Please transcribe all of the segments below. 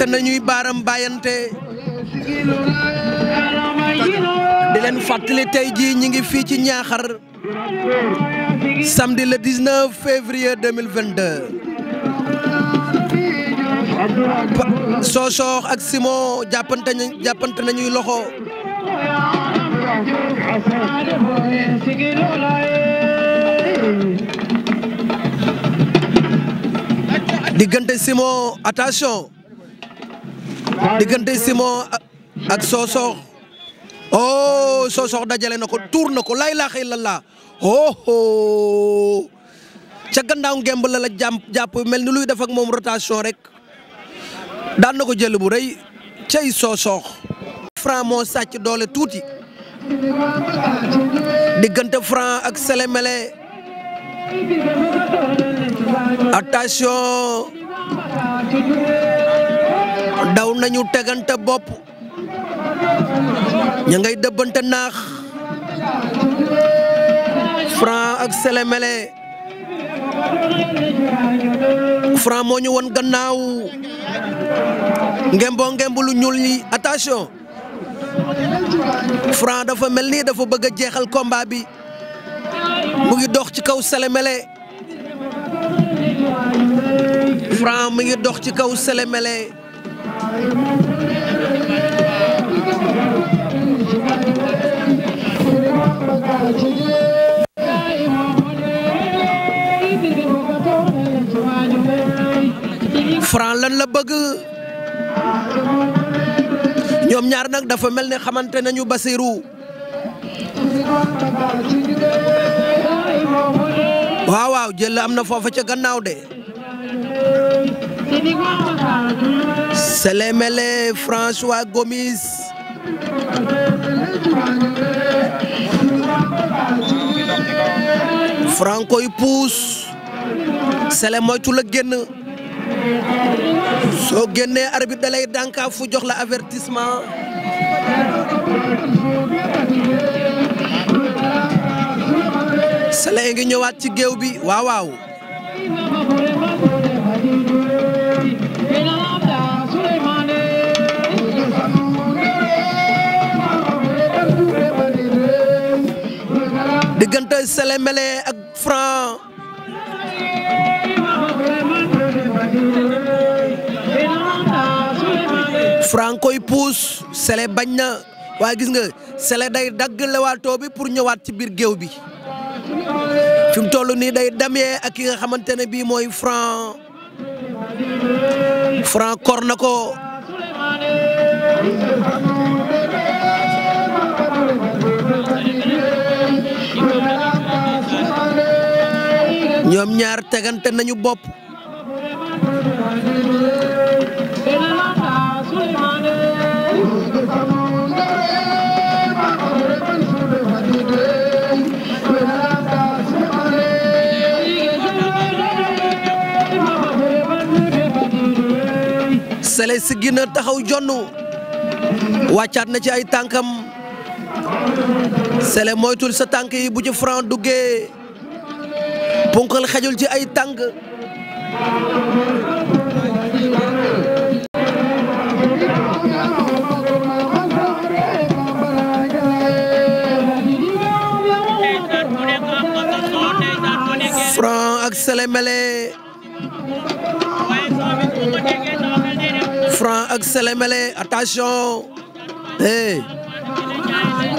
tegante nañuy baaram bayante dileen leen fàttali tey jii ñi ngi fii ci Ñaaxar samedi le 19 février 2022 Sokh ak Simon jàppante nañuy loxo diggante Simon attention diggante Simon ak Sosokh oh Sosokh dajale na ko tuur na ko laa ilaaha illallaah oh ca gannaaw ngemb la la jàpp mel ni luy def ak moom rotation rek daan na ko jël bu rëy cey Sosokh. Franc moo sàcc doole tuuti diggante Franc ak sele Selemele attention. am nañu tegante bopp ña ngay dëbbante naax Franc ak selemele Franc moo ñu won gannaaw ngemboo ngembu lu ñuul ñi attention Franc dafa mel nii dafa bëgg a jeexal komba bi mu ngi dox ci kaw selemele Franc mu ngi dox ci kaw selemele Franc lan la bëgg ñoom ñaar nag dafa mel ne xamante nañu Basiru waaw waaw jël am na foofa ca gannaaw de Sélémélé François Gomis Francoy puus Sélé moytu la génn soo génnee arbitre da lay fu jox la avertissement Sélé ngi ñëwaat ci géew bi waaw diggante Mele ak Franc Franc koy puus Sele bañ na waa gis nga Sele day dagg lewaatoo bi pour ñëwaat ci biir géew bi fi mu toll nii day damee ak ki nga xamante ne bii mooy Franc Franc kor na ko. ñoom ñaar tegante nañu bopp sele si gina taxaw jonn wàccaat na ci ay tànkam sele moytul sa tànk yi bu ci franc duggee ponkal xajul ci ay tàng Franc ak Sélémélé Franc ak selemele attention hey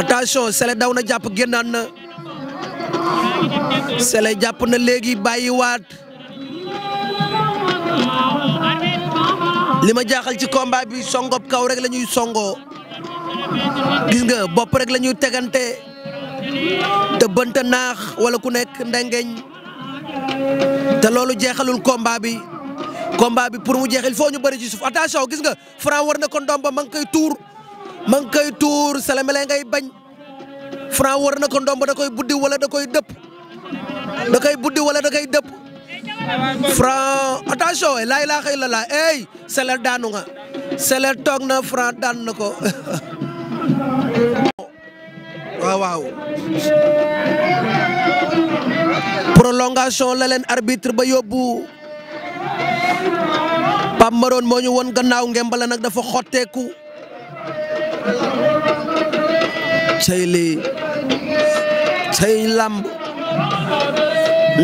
attention Sélé daw na jàpp génnaat Sélé jàpp na léegi bàyyi waat li ma jaaxal ci combat bi songob kaw rek lañuy ñuy songoo gis nga bopp rek la ñuy tegante te bënta naax wala ku nekk ndengeñ te loolu jeexalul combat bi combat bi pour mu jeex foo ñu bari ci suuf gis nga Franc war na ko domb ma ngi koy tuur ma ngi koy tuur Sélé Méllé ngay bañ. Franc war na ko ndomb da koy buddi wala da koy dëpp da koy buddi wala da koy dëpp Franc attention eh, laa ilaaha illallaah ey eh, Sélé daanu nga Sélé toog na Franc daan na ko waaw la leen arbitre ba yóbbu Pape moo ñu won gannaaw ngembala nag dafa xotteeku cay lii làmb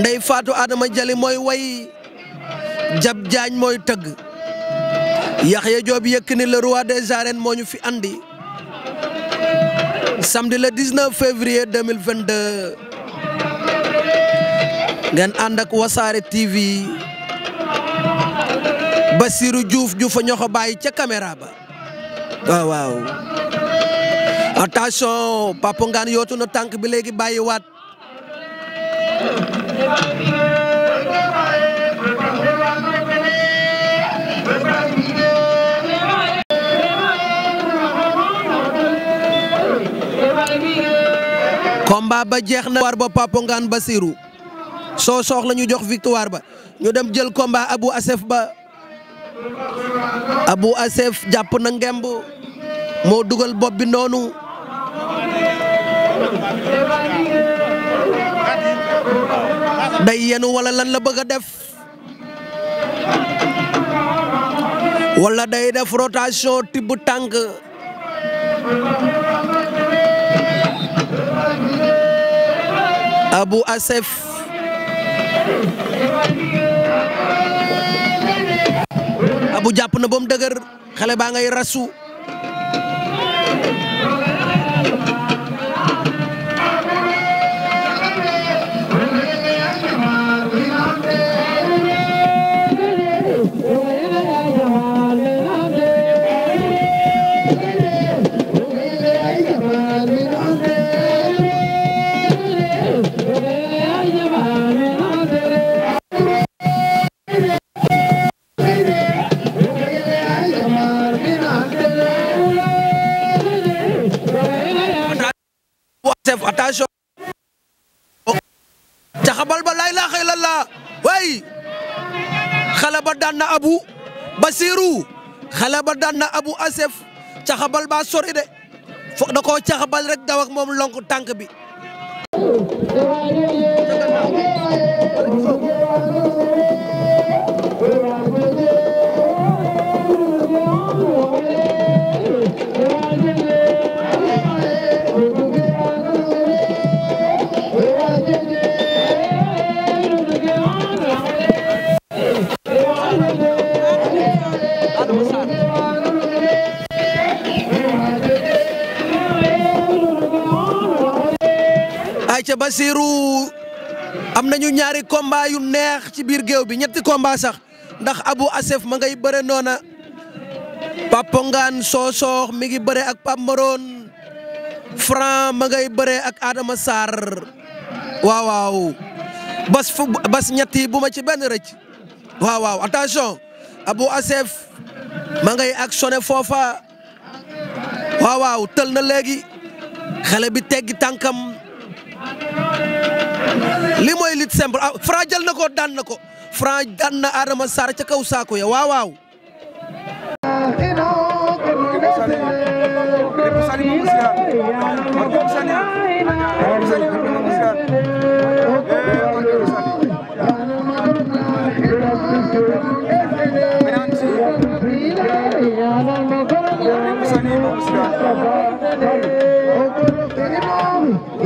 ndey faatu adama jali mooy way jab jaañ mooy tëgg yaxya joob yëkkini le roi des arènes moo ñu fi andi samedi le 19 février 2022 ngeen ànd ak wasaare TV Basirou juuf ju fa ñoxo bàyyi ca caméra ba waaw waaw attention Papa Ngane yootu tànk bi léegi bàyyiwaat combat ba jeex na war ba Papa Ngane Basirou soo soxla ñu jox victoire ba ñu dem jël combat Abou Assef ba Abou Assef jàpp na ngemb moo dugal bopp noonu day yenu wala lan la bëgg a def wala day def rotation tibb tànk Abou Assef Abou jàpp na ba mu dëgër xale baa ngay rasu Sonko na Abu Asef caxabal ba sori de fo da koo caxabal rek daw moom lonk tànk bi Basirou am nañu ñaari combat yu neex ci biir géew bi ñetti combat sax ndax Abu Asef ma ngay bëre noona Papa Ngane mi ngi bëre ak Pape Maroon Franc ma ngay bëre ak Adama Sarr waaw bas fu bas ñetti bu ci benn rëcc waaw waaw Abu Asef ma ngay actionné foofa waaw tël na léegi xale bi teggi tànkam li mooy lit simple ah Franc jël na ko daan na ko Franc daan na Adama Sarr ca kaw saako ya waaw waaw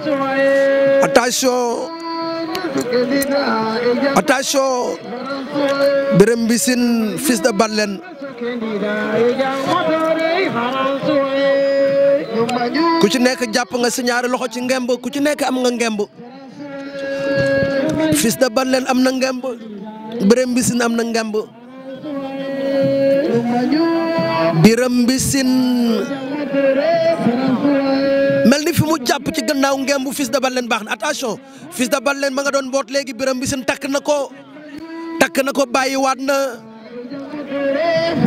attention attention Birame Mbissine fils de Batlen ku ci nekk jàpp nga si ñaari loxo ci ngemb ku ci nekk am nga ngemb fils de Batlen am na ngemb Birame am na ngemb Birame jàpp ci gannaaw ngembu Fils de leen baax na attention Fils de leen ma nga doon boot léegi bi Mbissine takk na ko takk na ko bàyyi waat na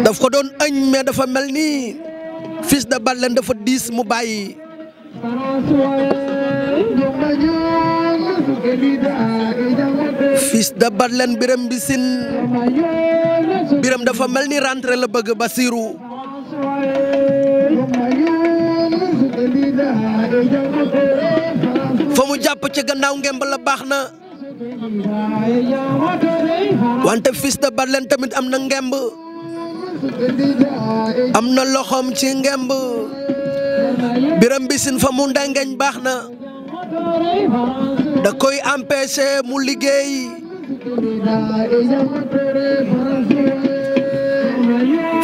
daf ko doon ëñ mais dafa mel ni Fils de Batlene dafa diis mu bàyyi. Fils leen Batlene Birame Mbissine biram dafa mel ni rentre la bëgg Basirou. fa mu jàpp ci gannaaw ngemb la baax na wante Fils de Badlène tamit am na ngemb am na loxoom ci ngemb Biram Mbissine fa mu ndengeñ baax na da koy empêcher mu liggéey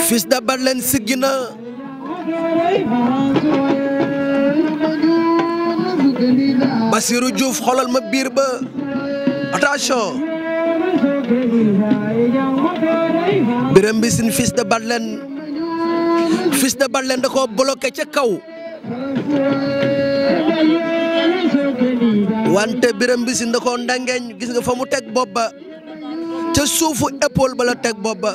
Fils de Badlène siggi na Bassirou Diouf xoolal ma biir ba attention Birame Mbissine fils de Batlen fils Batlen da koo bloqué ca kaw wante Birame Mbissine da koo ndangeeñ gis nga fa mu teg bopp ba ca suufu épaule ba la teg bopp ba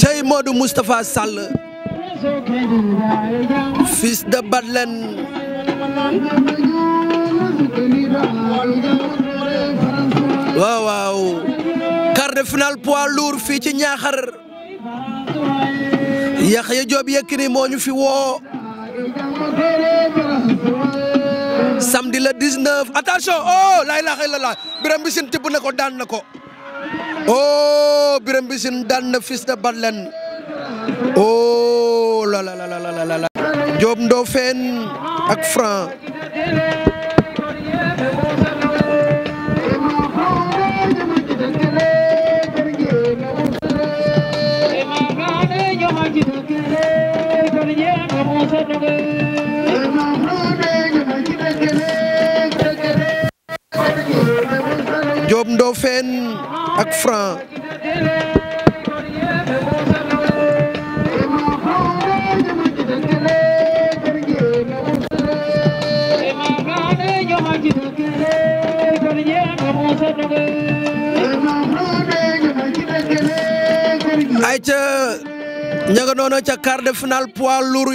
cey Modou Moustapha Sall fils Batlen waaw waaw quart de finale poids fii ci Ñaaxar Yaxya Joob Yékini moo ñu fi woo samedi le 19 attention oh la ilaha illallah Birame tibb na ko daan na ko oh Birame Mbissine daan na fils de Badlen oh la la la la la Joob ak Franc Diop Ndofène ak Franc ay ca ña ca quart de finale poids lourd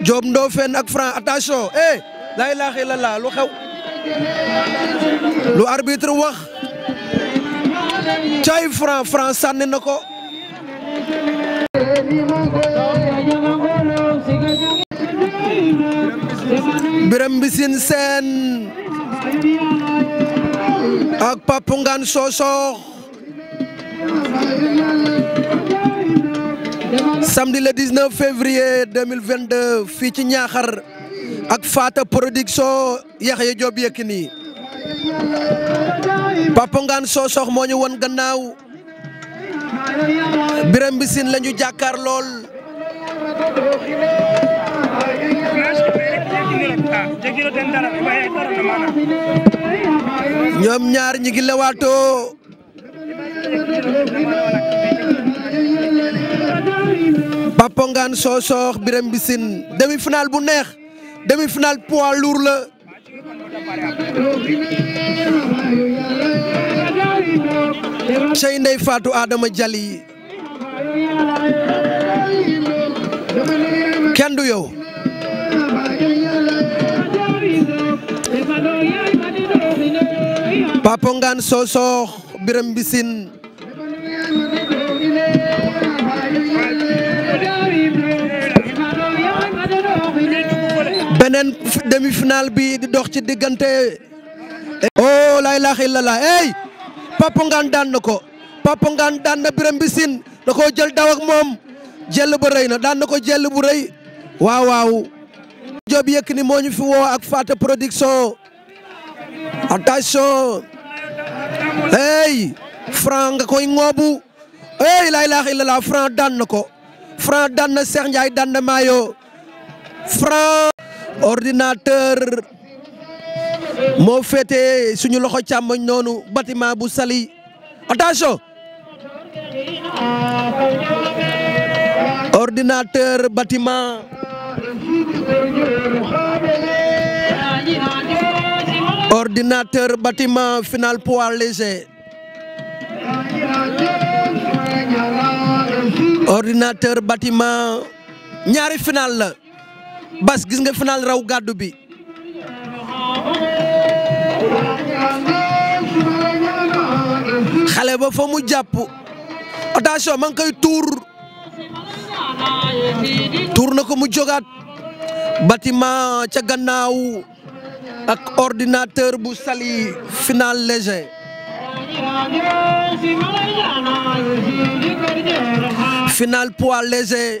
Diop Ndofène ak Franc attention eh la ilaha lu xew lu arbitre wax cay Franc Franc sànni na ko Biram Mbissine Sène ak Papu Ngane samedi le 19 février 2022 fii ci Ñaaxar ak Faata production Yaxya Joob Yékini Papa Ngane Sossox moo ñu won gannaaw Birame Mbissine la ñu jàkkaar lool ñoom ñaar ñi ngi lewaatoo Papa Ngane Sossokh Birame demi-finale bu neex demi-finale poids lourd la cey ndey Fatou Adama Jali kenn du yow beneen demi-finale bi di dox ci diggante oh la ilaha illallah hey Papa Ngane daan na ko Papa Ngane daan na Birame Mbissine da koo jël daw ak moom jël ba rëy na daan na ko jël bu rëy waaw waaw Diop Yékini moo ñu fi woo ak Faata production attention hey Franc nga koy ŋoobu hey la ilaha illallah Franc daan na ko Franc daan na Cheikh Ndiaye daan na Mayo Franc ordinateur moo féete suñu loxo càmmoñ noonu bâtiment bu sali attention ordinateur bâtiment ordinateur bâtiment final léger ordinateur bâtiment ñaari final bas gis nga final raw gàddu bi xale ba fa mu jàpp attention ma ngi koy tuur tuur na ko mu jogaat bâtiment ca gannaaw ak ordinateur bu sali final léger final poids léger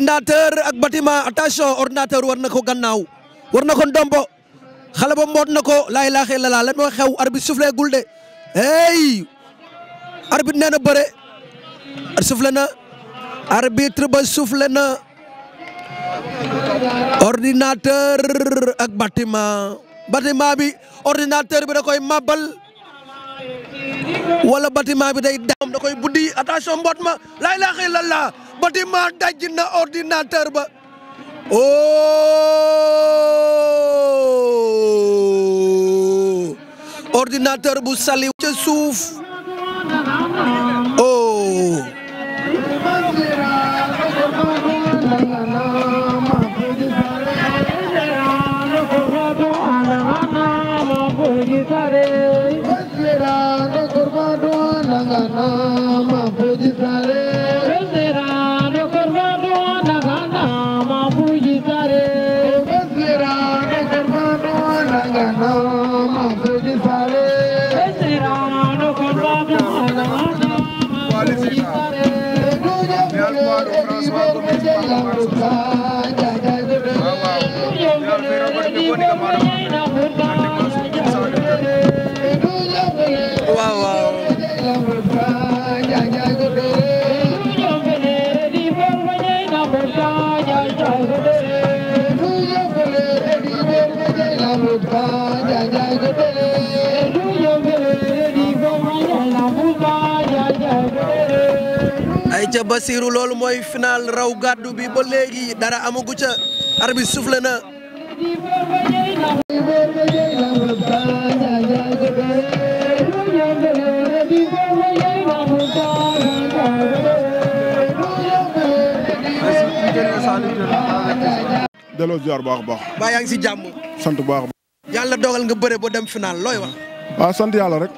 ordinateur ak bâtiment attention ordinateur war na ko gannaaw war na ko ndombo xale ba mboot na ko laa ilaaha illallaah lan moo xew arbitre soufflé gul de hey arbitre nee na bëre soufflé na arbitre ba soufflé na ordinateur ak bâtiment bâtiment bi ordinateur bi da koy mabal wala bâtiment bi day daam da koy buddi attention mboot ma laa ilaaha illallah bâtiment daj na ordinateur ba oh ordinateur bu sali ca suuf Basirou loolu mooy final raw gàddu bi ba léegi dara amagu ca arbitre soufflé na delloo ziar baax baax. ba yaa ngi si jàmm. sant baax baax. yàlla dogal nga bëre ba dem final looy wax. waaw ah, sant yàlla rek.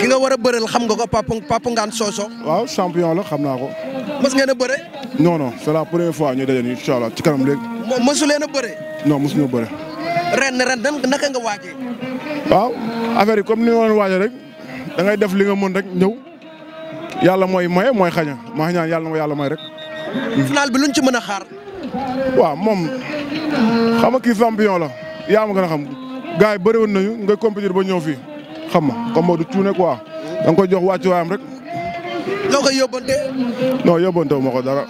ki nga war a bëreel xam nga ko Papa Papa Ngane Sossokh. waaw champion la xam naa ko. mës ngeen a bëre. non non c'est la première fois ñu daje nii incha allah ci kanam léegi. mësu leen a bëre. non mësuñu bëre. ren ren nan naka nga waajee. waaw affaire yi comme ni ma waajee rek da def li nga mën rek ñëw yàlla mooy maye mooy xaña maa ñaan yàlla na ko yàlla may rek. final bi luñ ci mën a xaar. waaw moom xam nga kii champion la yaa ma gën a xam gars yi bëriwoon nañu nga compétir ba ñëw fii. xam ma comme du cuune quoi da nga koy jox wàccuwaayam rek. loo koy yóbbante. non yóbbante wu ma ko dara.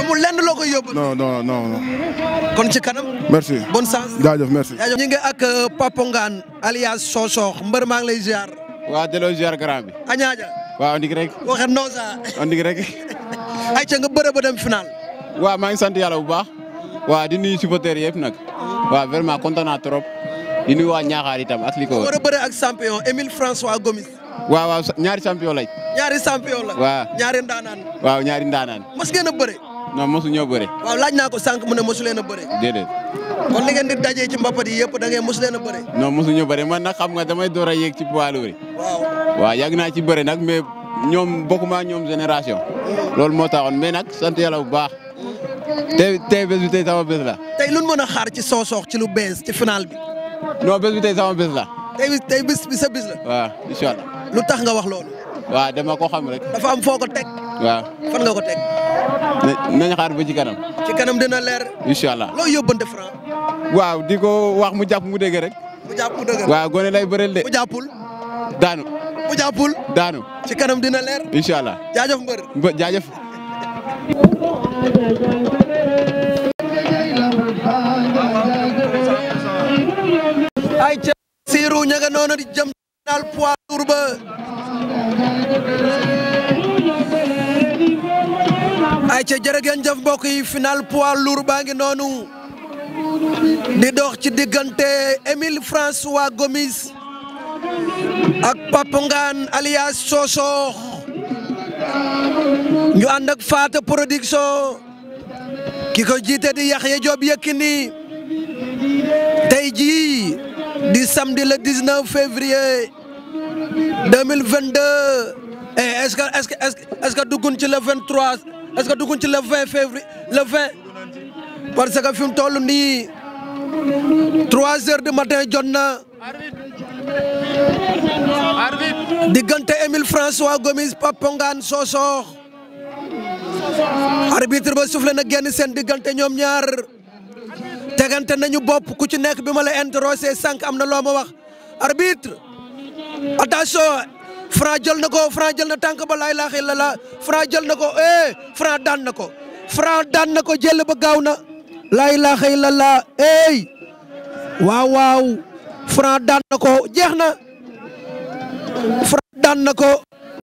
amul lenn loo koy yóbbante. non kon ci kanam. merci bonne chance. jaajëf merci. jaajëf ñu ngi ak euh, Papa Ngane alias Sossokh maa ngi lay ziar. waa delloo ziar grand bi. añaaja. waaw ndig rek. waxe Noza. ndig rek. ayca nga bëre ba maa ngi sant yàlla bu baax. waa di nuyu supporters yëpp nag. waa vraiment kontaan naa trop. di nuyu waa Ñaaxaar itam ak li ko a bëre ak champion Émile François Gomis. waaw waaw ñaari champion lañ. ñaari champion la. waaw ñaari ndaanaan. waaw ñaari ndaanaan. mos ngeen a bëre. non mosu ñoo bëre. waaw laaj naa ko sànq mu ne mosu leen a bëre. déedéet. kon li a bëre. non a yéeg ci poids lourd. waaw waaw yàgg ñoom bokkuma ñoom génération. loolu moo taxoon mais nag sant yàlla bu baax. tey tey bés bi tey sama la. tey lu ñu mën a ci Sokh ci lu bees ci final bi. non bés bi tey sama bés la. tey bis bés bi sa bés la. waaw incha lu tax nga wax loolu. waaw dama ko xam rek. dafa am foo ko teg. waaw fan nga ko teg. nañ xaar ba ci kanam. ci kanam dina leer. incha allah loo yóbbante Franc. waaw di ko wax mu jàpp mu dégg rek. mu jàpp mu waaw gone lay bëreel de. mu daanu. mu daanu. ci kanam dina leer. incha allah jaajëf mbër. jaajëf. ña nga noonu di jëm daal poids lourd ay ca jërë jëf mbokk yi final poids lourd baa ngi noonu di dox ci diggante Émile François Gomis ak Papa alias Sossokh ñu ànd ak Faata production ki ko jiite di Yaxya Joob Yékini tey jii du samedi le 19 février 2022 et eh, est-ce que est-ce que est-ce que duggun ci le 23 est-ce que duggun ci le 20 février le 20 parce que fi mu toll nii 3 heures de matin jot na diggante Émile François Gomis Papongane Sossokh arbitre ba soufflé na génn seen diggante ñoom ñaar. tegante nañu bopp ku ci nekk bi ma la interrogé sànq am na loo ma wax arbitre attention Franc jël na ko Franc jël na tànk ba laa ilaaha illallaah Franc jël na ko eh Franc daan na ko Franc daan na ko jël ba gaaw na laa ilaaha illallaah eh waaw waaw Franc daan na ko jeex na Franc daan na ko